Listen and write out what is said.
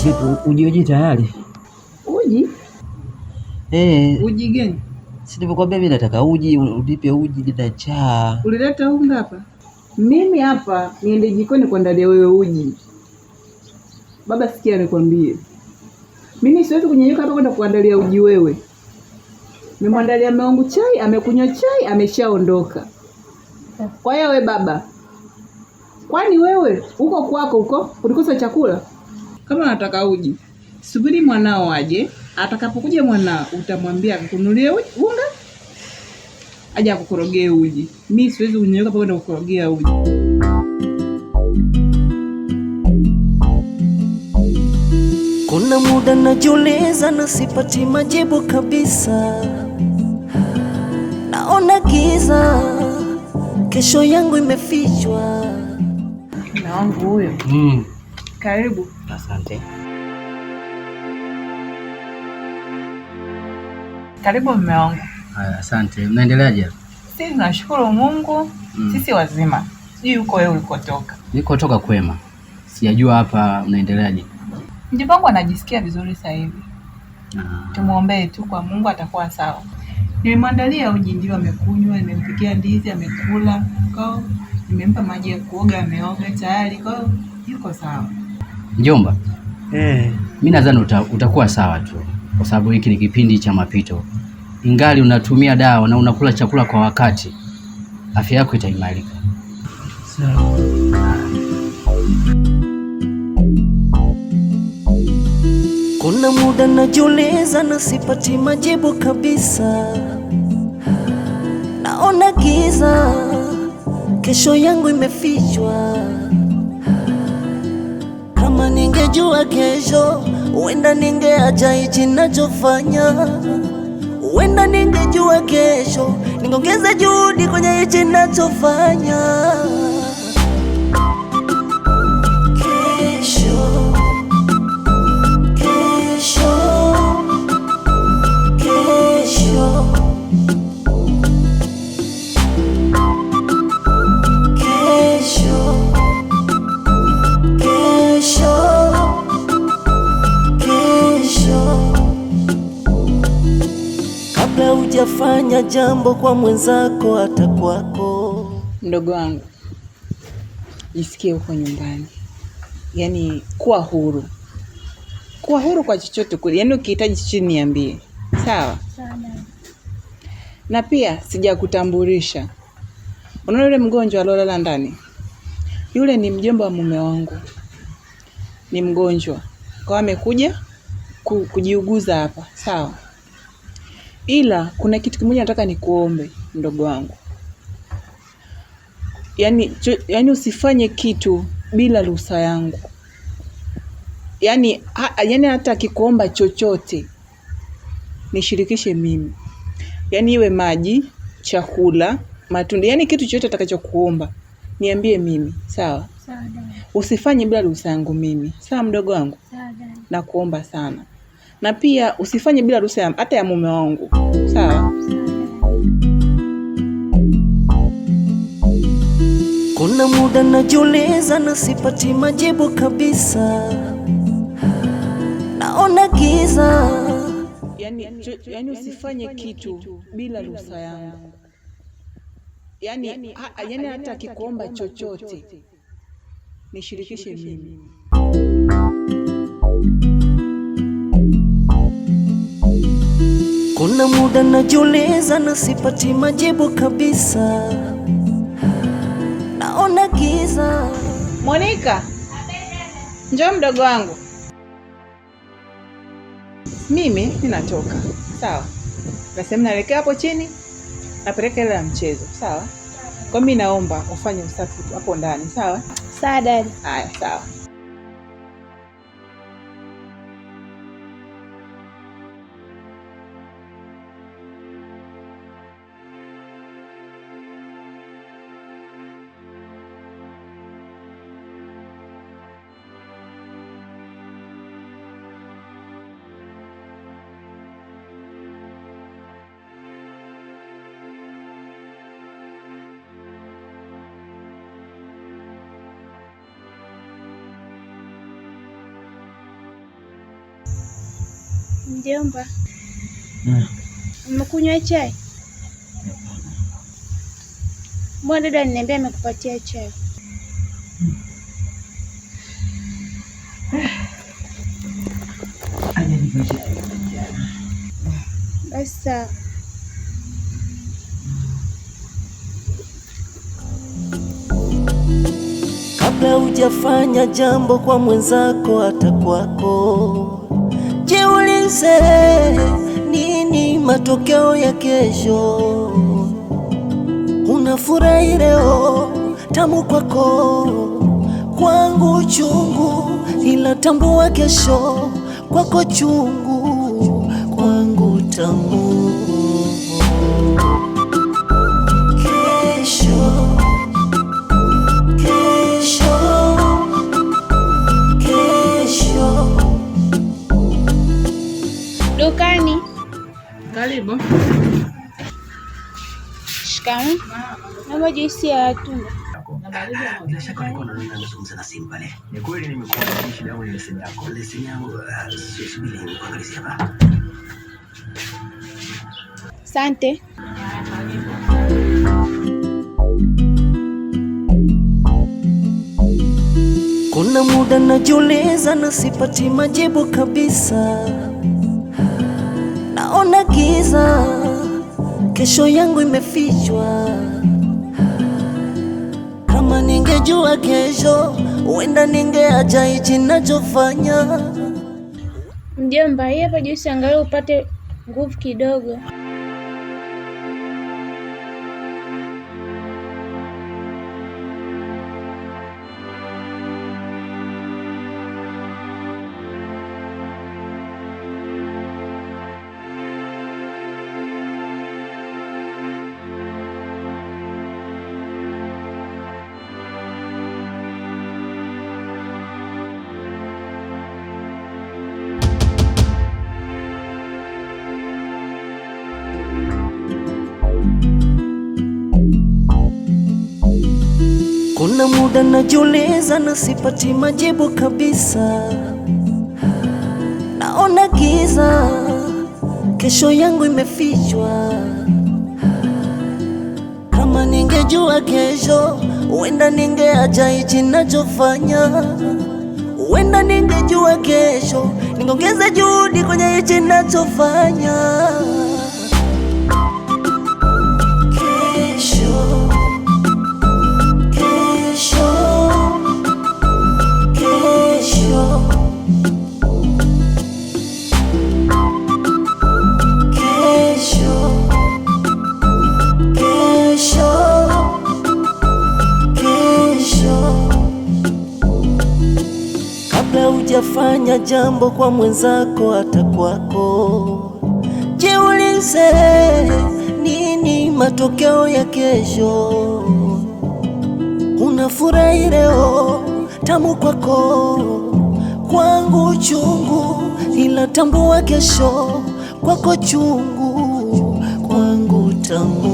Shitu, uji uji tayari. Uji? Eh. Uji gani? Si mimi nataka uji, unipe uji nina njaa. Ulileta unga hapa? Mimi hapa niende jikoni kuandalia wewe uji. Baba, sikia nikwambie. Mimi siwezi kunyanyuka hapa kwenda kuandalia uji wewe. Nimwandalia mume wangu chai, amekunywa chai, ameshaondoka. Kwa hiyo we baba, kwani wewe uko kwako huko ulikosa chakula? Kama unataka uji, subiri mwanao aje. Atakapokuja mwanao, utamwambia akununulie unga aje akukorogee uji. Mi siwezi kunyoka mpaka kukorogea uji. Kuna muda najiuliza na sipati majibu kabisa, naona giza, kesho yangu imefichwa. Na huyo. Mm. Karibu. Asante. Karibu mume wangu. Asante. Mnaendeleaje? Sisi tunashukuru Mungu mm. Sisi wazima. Sijui uko wewe ulikotoka? toka kwema, sijajua hapa unaendeleaje. Mjomba wangu anajisikia vizuri sasa hivi, ah. tumwombee tu kwa Mungu atakuwa sawa. Nimemwandalia uji, ndio amekunywa, nimempikia ndizi amekula, kwao nimempa maji ya kuoga ameoga tayari, kwao yuko sawa. Mjomba, eh, mimi nadhani uta, utakuwa sawa tu, kwa sababu hiki ni kipindi cha mapito. Ingali unatumia dawa na unakula chakula kwa wakati, afya yako itaimarika. Sawa. Kuna muda najiuliza na sipati majibu kabisa, naona giza, kesho yangu imefichwa Sikujua kesho, wenda ningeacha hichi nachofanya, wenda ningejua kesho, ningeongeza juhudi kwenye hichi nachofanya. usijafanya jambo kwa mwenzako hata kwako. Ndogo wangu, jisikie huko nyumbani, yaani kuwa huru, kuwa huru kwa chochote kule. Yaani ukihitaji chochote niambie, sawa? Na pia sijakutambulisha, unaona yule mgonjwa aliolala ndani yule ni mjomba wa mume wangu, ni mgonjwa, kwa amekuja kujiuguza hapa, sawa? ila kuna kitu kimoja nataka nikuombe mdogo wangu, yaani yaani usifanye kitu bila ruhusa yangu, yaani ha, yaani hata akikuomba chochote nishirikishe mimi, yaani iwe maji, chakula, matunda, yaani kitu chochote atakachokuomba niambie mimi, sawa? Usifanye bila ruhusa yangu mimi, sawa mdogo wangu? Sawa. Nakuomba sana na pia usifanye bila ruhusa hata ya mume wangu, sawa? Kuna muda najiuliza na sipati majibu kabisa, naona giza. Yani, yani usifanye kitu bila ruhusa yangu, yani, yani, yani hata akikuomba chochote nishirikishe mimi. Kuna muda najiuliza na sipati majibu kabisa, naona giza. Monika, njoo mdogo wangu, mimi ninatoka. Sawa, nasema naelekea hapo chini, napeleka hela ya mchezo. Sawa, kwa mimi naomba ufanye usafi hapo ndani. Sawa sawa, dada. Haya, sawa. Mjomba, umekunywa eh. chai? Mbona dada aliniambia amekupatia chai? Eh. Basa kabla hujafanya jambo kwa mwenzako hata kwako niulize nini matokeo ya kesho. furahi leo tamu kwako, kwangu chungu, ila tambua kesho kwako chungu, kwangu tamu. Shikamoo. Naomba juisi ya tunda. na Asante. Kuna muda najiuliza na sipati majibu kabisa. Naona giza kesho yangu imefichwa. Kama ningejua kesho, huenda ningeacha hichi nachofanya. Mjomba, hii hapa juisi, angalau upate nguvu kidogo. Kuna muda najiuliza na sipati majibu kabisa, naona giza, kesho yangu imefichwa. Kama ningejua kesho, huenda ningeacha hichi nachofanya, huenda ningejua kesho, ningeongeza juhudi kwenye hichi nachofanya. Hujafanya jambo kwa mwenzako hata kwako. Jiulize, nini matokeo ya kesho? Unafurahi leo, tamu kwako, kwangu chungu, ila tambua kesho kwako chungu, kwangu tamu.